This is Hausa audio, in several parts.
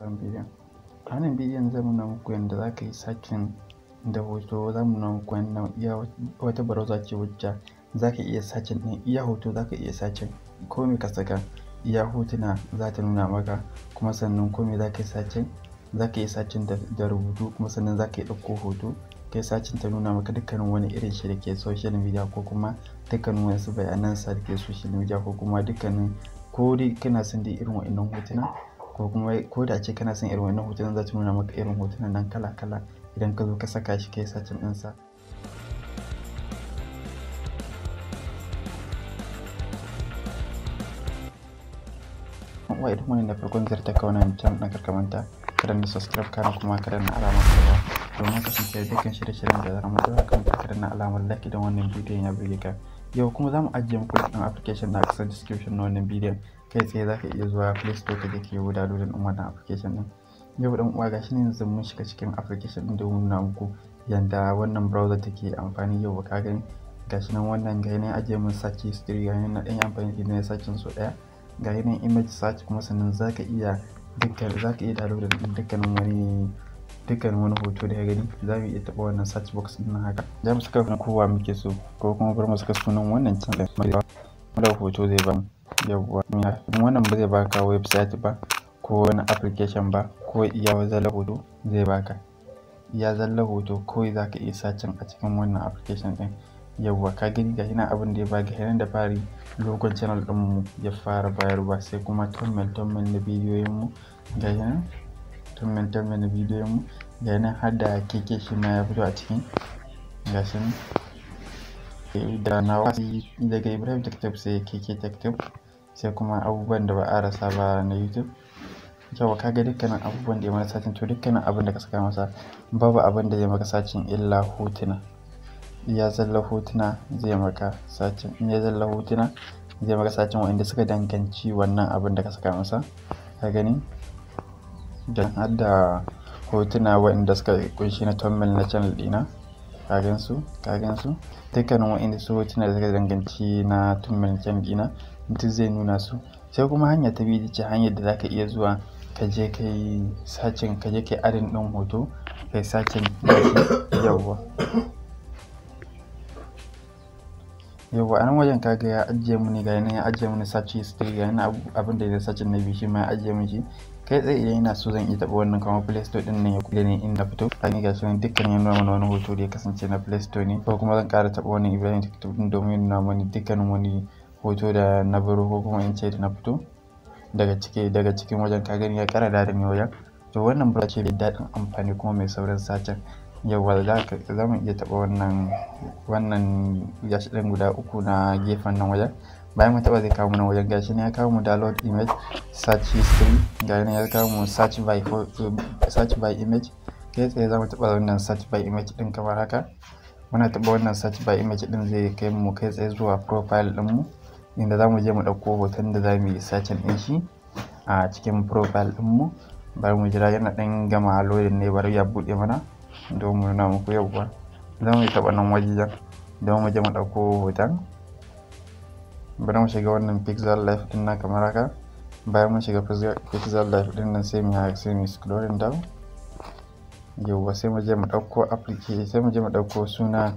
wannan bidiyon a wannan bidiyon zai nuna muku yadda za ka yi sakin da hoto za muna nuna muku wata barauza ce wacce zaka iya sakin ne iya hoto zaka iya iya sakin me ka saka iya hotuna za ta nuna maka kuma sannan komai za ka yi sakin za ka yi sacin da rubutu kuma sannan za ka yi ɗauko hoto kai sacin ta nuna maka dukkanin wani irin shi da ke social media ko kuma dukkanin wasu bayanan sa da ke social media ko kuma dukkanin ko dai kana son dai irin wa'annan hotuna ko kuma ko da ce kana son irin wannan hotunan za ta nuna maka irin hotunan nan kala kala idan ka zo ka saka shi kai sacin ɗinsa wai idan wani da farkon zarta ka wannan can na karkamanta kada na subscribe kana kuma kada na alamar kada domin kasance da dukkan shirye-shiryen da zara mutu a kan kada na alamar like idan wannan bidiyon ya birge ka yau kuma za mu ajiye muku ɗin application na kasar description na wannan bidiyon kai tsaye za ka iya zuwa play store ka je ka yi downloading ɗin wannan application ɗin yau ɗan uwa gashi ne yanzu mun shiga cikin application da mun na muku yanda wannan browser take amfani yau ka gani gashi nan wannan ga yanayin ajiye mun search history ga yanayin na ɗan amfani da yanayin searching su ɗaya ga yanayin image search kuma sannan za ka iya dukkan za ka iya download ɗin dukkanin wani dukkan wani hoto da ya gani za mu iya taɓa wannan search box ɗin haka za mu saka kowa muke so ko kuma bar mu saka sunan wannan channel mara hoto zai ba mu yawwa wannan ba zai baka website ba ko wani application ba ko iya zalla hoto zai baka iya zalla hoto kawai za ka iya sacin a cikin wannan application ɗin yawwa ka gani ga hina abin da ya baka hina da fari logon channel mu ya fara bayarwa sai kuma thumbnail thumbnail na mu ga hina comment comment na bidiyon mu ga har da keke shi ma ya fito a cikin ga shi eh, da nawa daga ibrahim tiktok sai keke tiktok sai kuma abubuwan da ba a rasa ba na youtube yawa kaga dukkanin abubuwan da ya sacin to dukkanin abin da ka saka masa babu abin da zai maka sacin illa hotuna ya zalla hotuna zai maka sacin in ya zalla zai maka sacin wa'inda suka danganci wannan abin da ka saka masa ka gani da hada hotuna waɗanda suka kunshi na thumbnail na channel dina kagan su kagan su dukkanin waɗanda su hotuna da suka danganci na thumbnail channel dina mutum zai nuna su sai kuma hanya ta biyu ce hanyar da zaka iya zuwa ka je kai yi sacin ka je kai adin din hoto kai yi sacin yawwa yawwa a nan wajen kaga ya ajiye ne ga ya ajiye ne saci stay ga yana abin da ya sacin na biyu shi ma ya ajiye mu shi kai tsaye idan ina so zan iya taɓa wannan kamar play store din nan ya kuɗe ne inda fito kan yi gashi dukkan ya nuna mana wani hoto da ya kasance na play store ne ko kuma zan ƙara taɓa wannan ibrahim tiktok din domin nuna mani dukkanin wani hoto da na baro ko kuma in ce da na fito daga ciki daga cikin wajen ka gani ya ƙara da ni wajen to wannan bura ce mai daɗin amfani kuma mai saurin satin yawa za zama iya taɓa wannan wannan gashi ɗin guda uku na gefen nan wajen bayan mu taba zai kawo nan wajen gashi ne ya kawo mu download image search history ga nan ya kawo mu search by image kai tsaye za mu taba wannan search by image din kamar haka muna taba wannan search by image din zai kai mu kai tsaye zuwa profile din mu inda za mu je mu ɗauko hoton da za mu yi search din shi a cikin profile din mu bari mu jira yana ɗan gama loading ne bari ya buɗe mana don mu nuna muku yauwa za mu taba nan wajen don mu je mu dauko hoton bari mu shiga wannan pixel life din na kamar haka bayan mun shiga pixel life din nan sai mu haka sai mu scrolling down yawwa sai mu je mu dauko application sai mu je mu dauko suna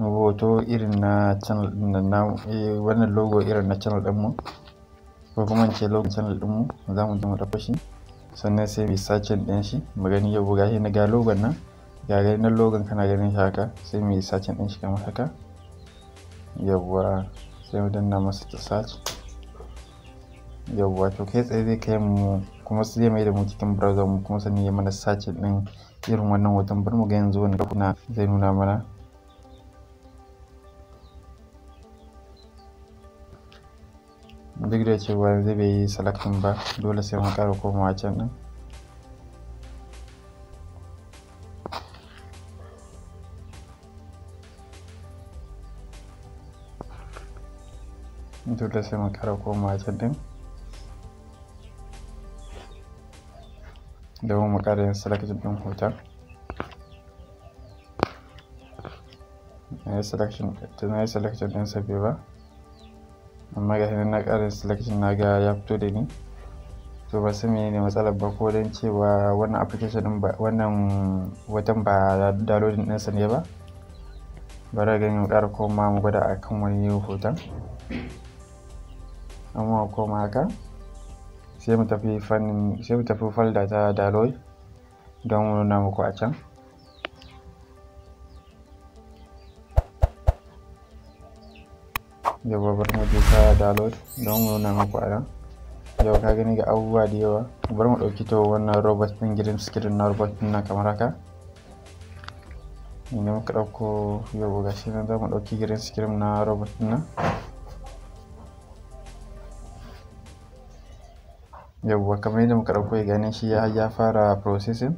hoto irin na channel din nan na eh, wannan logo irin na channel din mu ko kuma ce logo channel din mu za mu je mu dauko shi sannan sai mu search din shi mu gani yau ga shi na ga logo nan ga gani na logo kana ganin shi haka sai mu search din shi kamar haka yawwa sai mu na masu ta search yawwa to kai tsaye zai kai mu kuma su zai mai da mu cikin browser mu kuma sannan ya mana search din irin wannan hoton bar mu ga yanzu wani kuna zai nuna mana duk da cewa zai bai yi selecting ba dole sai mu karo komawa can din dole sai mu kara komawa can da domin mu kara yin selection ɗin hotel na selection na yi selection ɗin sa ba amma ga na ƙarin selection na ga ya fito da ni to ba su ne matsalar ba ko don cewa wannan application din ba wannan watan ba downloading sa ne ba bara ga mu ko koma mu gwada akan wani hoton amma koma haka sai mu tafi fannin sai mu tafi ta dalol don mu nuna muku a can yau babbar mutu ta download don mu nuna muku a nan yau ka gani ga abubuwa da yawa bar mu ɗauki to wannan robot ɗin green screen na robot ɗin nan kamar haka idan muka ɗauko yau ga shi nan za mu ɗauki green screen na robot ɗin nan yawwa kamar yadda muka ɗauko ya shi ya fara processing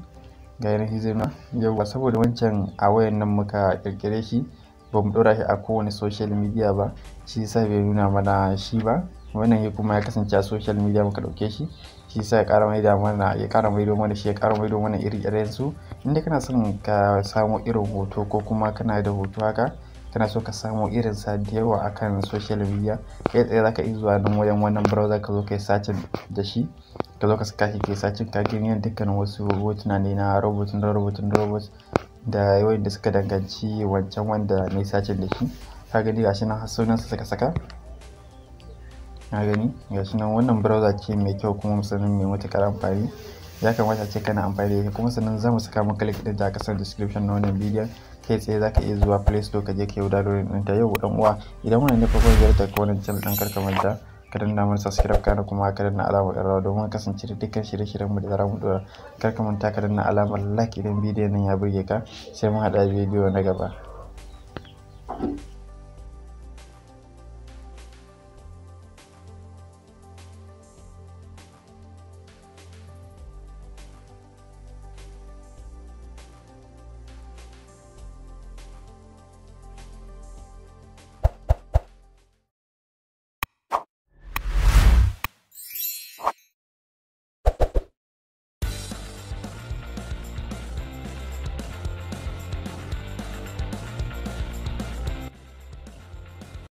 ga shi zai nuna saboda wancan a wayan nan muka ƙirƙire shi ba mu ɗora shi a kowane social media ba shi sa bai nuna mana shi ba wannan ya kuma ya kasance a social media muka ɗauke shi shi sa ya ƙara maida mana ya ƙara maido mana shi ya ƙara maido mana iri irin su inda kana son ka samo irin hoto ko kuma kana da hoto haka kana so ka samu irin sa da yawa akan social media kai tsaye zaka iya zuwa nan wajen wannan browser ka zo kai sacin da shi ka zo ka saka shi kai sacin ka gani yan dukkanin wasu hotuna ne na robot na robot na robot da yawan da suka danganci wancan wanda mai sacin da shi ka gani gashi nan har su suka saka ka gani gashi nan wannan browser ce mai kyau kuma musamman mai matuƙar amfani ya kamata ce kana amfani da ita kuma sannan za mu saka maka link din da aka sa description na wannan bidiyon kai tsaye za ka iya zuwa play store ka je ka yi downloading ɗinta yau dan uwa idan wani ne farkon ziyartar ka wannan channel ɗin karka manta ka danna mana subscribe kana kuma ka danna alamar ƙararrawa domin kasance da dukkan shirye shiryen mu da zara mu dora kar ka manta ka danna alamar like idan bidiyon nan ya burge ka sai mun haɗa bidiyo na gaba.